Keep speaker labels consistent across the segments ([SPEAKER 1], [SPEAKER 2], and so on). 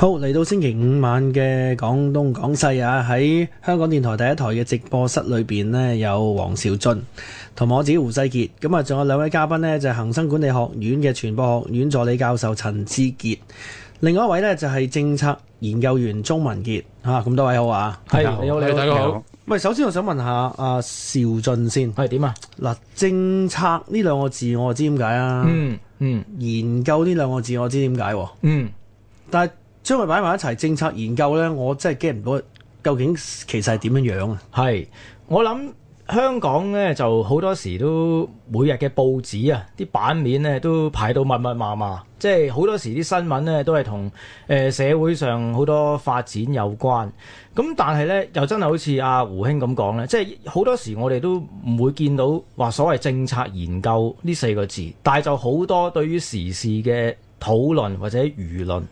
[SPEAKER 1] 好嚟到星期五晚嘅講東講西啊！喺香港電台第一台嘅直播室裏邊呢，有王兆俊同埋我自己胡世杰，咁啊仲有兩位嘉賓呢，就係、是、恒生管理學院嘅傳播學院助理教授陳智傑，另外一位呢，就係、是、政策研究員鍾民杰啊！咁多位好啊，係你好你好，大家好。喂是，首先我想問下阿兆俊先，係點啊？嗱、啊，政策呢兩個字我知點解啊？嗯嗯，嗯研究呢兩個字我知點解、啊？嗯，但係，將佢擺埋一齊政策研究呢，我真係驚唔到究竟其實係點樣樣啊？係，我諗
[SPEAKER 2] 香港呢，就好多時都每日嘅報紙啊，啲版面呢都排到密密麻麻，即係好多時啲新聞呢都係同誒社會上好多發展有關。咁但係呢，又真係好似阿、啊、胡兄咁講呢，即係好多時我哋都唔會見到話所謂政策研究呢四個字，但係就好多對於時事嘅討論或者輿論，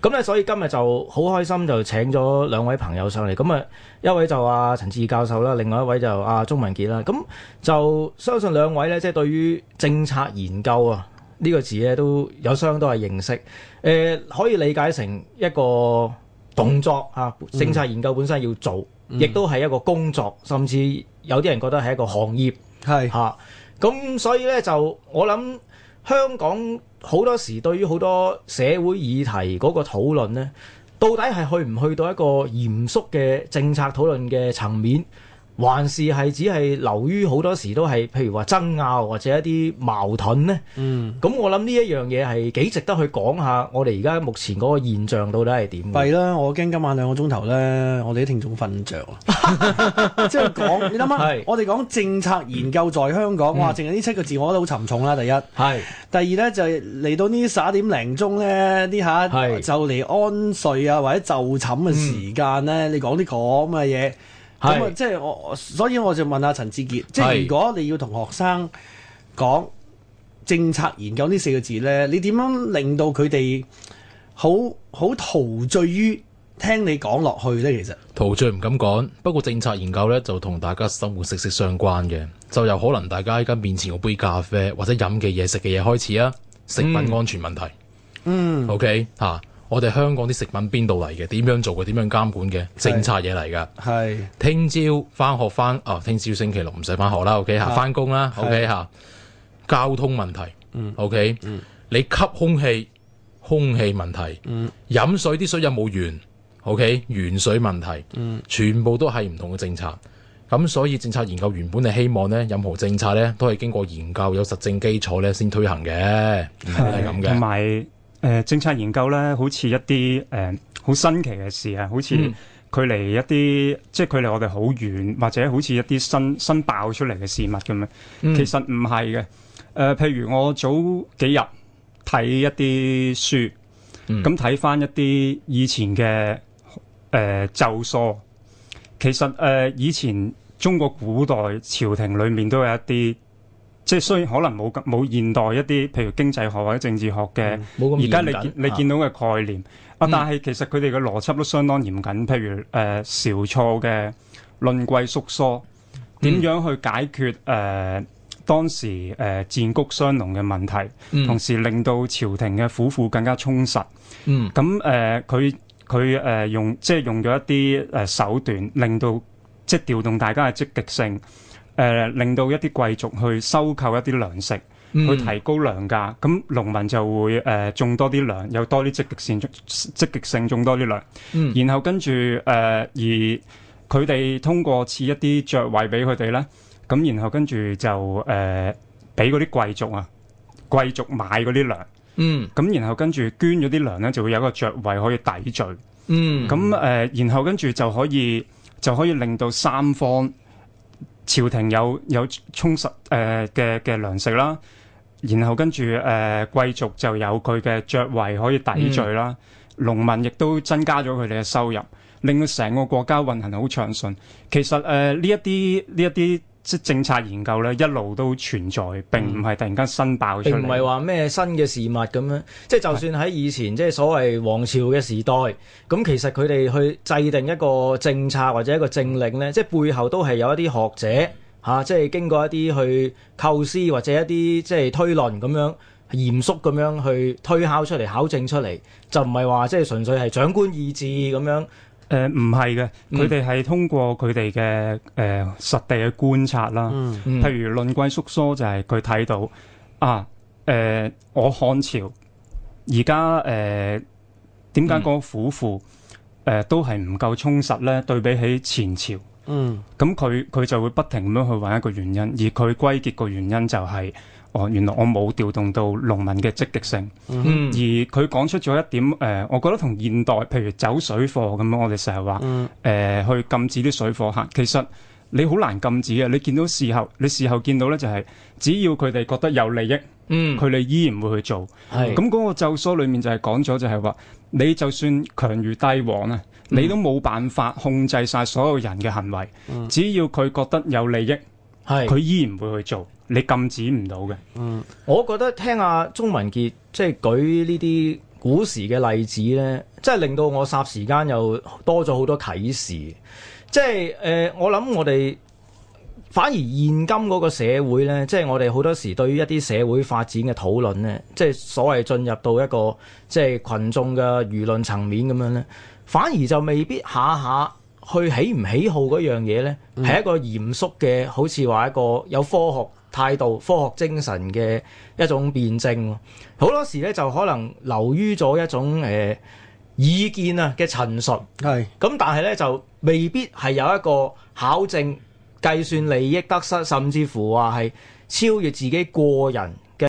[SPEAKER 2] 咁咧所以今日就好開心，就請咗兩位朋友上嚟。咁啊，一位就阿、啊、陳志陳智傑教授啦，另外一位就阿、啊、鍾民杰啦。咁就相信兩位呢，即、就、係、是、對於政策研究啊呢、這個字呢，都有相當嘅認識。誒、呃，可以理解成一個動作嚇，政策研究本身要做，亦都係一個工作，甚至有啲人覺得係一個行業，係嚇是。咁、啊、所以呢，就我諗。香港好多時對於好多社會議題嗰個討論呢，到底係去唔去到一個嚴肅嘅政策討論嘅層面？還是係只係流於好多時都係，譬如話爭拗或者一啲矛盾呢。嗯，咁我諗呢一樣嘢係幾值得去講下。我哋而家目前嗰個現象到底係點？係啦，我
[SPEAKER 1] 驚今晚兩個鐘頭咧，我哋啲聽眾瞓著。即係講，你諗下，是 我哋講政策研究在香港，哇！淨係呢七個字，我覺得好沉重啦。第一，係是 第二咧，就係、是、嚟到十十呢十一點零鐘咧，呢下就嚟安睡啊，或者就寢嘅時間咧，你講啲咁嘅嘢。是嗯、即係我，所以我就問下陳智傑，是即係如果你要同學生講政策研究呢四個字呢，你點樣令到佢哋好好陶醉於聽你講落去呢？其實
[SPEAKER 3] 陶醉唔敢講，不過政策研究呢，就同大家生活息息相關嘅，就由可能大家依家面前個杯咖啡或者飲嘅嘢、食嘅嘢開始啊，食品安全問題，
[SPEAKER 1] 嗯，嗯
[SPEAKER 3] ，OK 嚇、啊。我哋香港啲食品邊度嚟嘅？點樣做嘅？點樣監管嘅？係。政策嘢嚟㗎。係是。聽朝翻學翻啊！聽朝星期六唔使翻學啦。O K 嚇，翻工啦。O K 嚇。交通問題。Okay? 嗯。O K。嗯。你吸空氣，空氣問題。嗯。飲水啲水有冇源？O K。原、okay? 水問題。嗯。全部都係唔同嘅政策。咁所以政策研究原本係希望咧，任何政策咧都係經過研究有實證基礎咧先推行嘅。係。係咁嘅係。誒、呃、政策研究咧，好似一啲誒好新奇嘅事啊，好似距離一啲、嗯、即係距離我哋好遠，或者好似一啲新新爆出嚟嘅事物咁樣，嗯、其實唔係嘅。誒、呃，譬如我早幾日睇一啲書，咁睇翻一啲以前嘅誒、呃、奏疏，其實誒、呃、以前中國古代朝廷裏面都有一啲。即係雖然可能冇冇現代一啲，譬如經濟學或者政治學嘅，而家、嗯、你你見到嘅概念，啊，嗯、但係其實佢哋嘅邏輯都相當嚴謹。譬如誒晁、呃、錯嘅《論貴粟疏》，點樣去解決誒、呃、當時誒、呃、戰局相隆嘅問題，嗯、同時令到朝廷嘅府庫更加充實。嗯，咁誒佢佢誒用即係用咗一啲誒手段，令到即係調動大家嘅積極性。誒、呃、令到一啲貴族去收購一啲糧食，嗯、去提高糧價，咁農民就會誒、呃、種多啲糧，有多啲積極性，積極性種多啲糧、嗯然呃。然後跟住誒，而佢哋通過賜一啲爵位俾佢哋咧，咁、啊嗯、然後跟住就誒俾嗰啲貴族啊，貴族買嗰啲糧。嗯，咁然後跟住捐咗啲糧咧，就會有一個爵位可以抵罪。嗯，咁誒、嗯嗯呃，然後跟住就可以就可以令到三方。朝廷有有充實誒嘅嘅糧食啦，然後跟住誒貴族就有佢嘅爵位可以抵罪啦，嗯、農民亦都增加咗佢哋嘅收入，令到成個國家運行好暢順。其實誒呢、呃、一啲呢一啲。
[SPEAKER 2] 即政策研究咧，一路都存在，並唔係突然間新爆出。唔係話咩新嘅事物咁樣。即就算喺以前，即所謂王朝嘅時代，咁其實佢哋去制定一個政策或者一個政令咧，即背後都係有一啲學者嚇、啊，即經過一啲去構思或者一啲即推論咁樣嚴肅咁樣去推敲出嚟、考證出嚟，就唔係話即純粹係長官意志咁樣。.誒，唔係嘅，佢哋係通過佢哋嘅誒實地嘅觀
[SPEAKER 3] 察啦，譬、嗯嗯、如論貴粟疏，就係佢睇到啊，誒、呃，我漢朝而家誒點解個府庫誒都係唔夠充實咧？對比起前朝，嗯，咁佢佢就會不停咁樣去揾一個原因，而佢歸結個原因就係、是。哦，原來我冇調動到農民嘅積極性，嗯嗯、而佢講出咗一點誒、呃，我覺得同現代譬如走水貨咁樣，我哋成日話誒去禁止啲水貨客，其實你好難禁止嘅。你見到事後，你事後見到咧、就係，就係只要佢哋覺得有利益，佢哋、嗯、依然會去做。咁嗰個奏疏裡面就係講咗，就係話你就算強如帝王啊，你都冇辦法控制晒所有人嘅行為。嗯、只要佢覺得有利益，
[SPEAKER 2] 佢依然會去做。是你禁止唔到嘅。嗯，我覺得聽下鍾民杰即係舉呢啲古時嘅例子咧，即係令到我霎時間又多咗好多啟示。即係誒、呃，我諗我哋反而現今嗰個社會咧，即係我哋好多時對於一啲社會發展嘅討論咧，即係所謂進入到一個即係群眾嘅輿論層面咁樣咧，反而就未必下下去喜唔喜好嗰樣嘢咧，係、嗯、一個嚴肅嘅，好似話一個有科學。態度、科學精神嘅一種辯證，好多時咧就可能流於咗一種誒、呃、意見啊嘅陳述，咁是但係咧就未必係有一個考證、計算利益得失，甚至乎話係超越自己個人。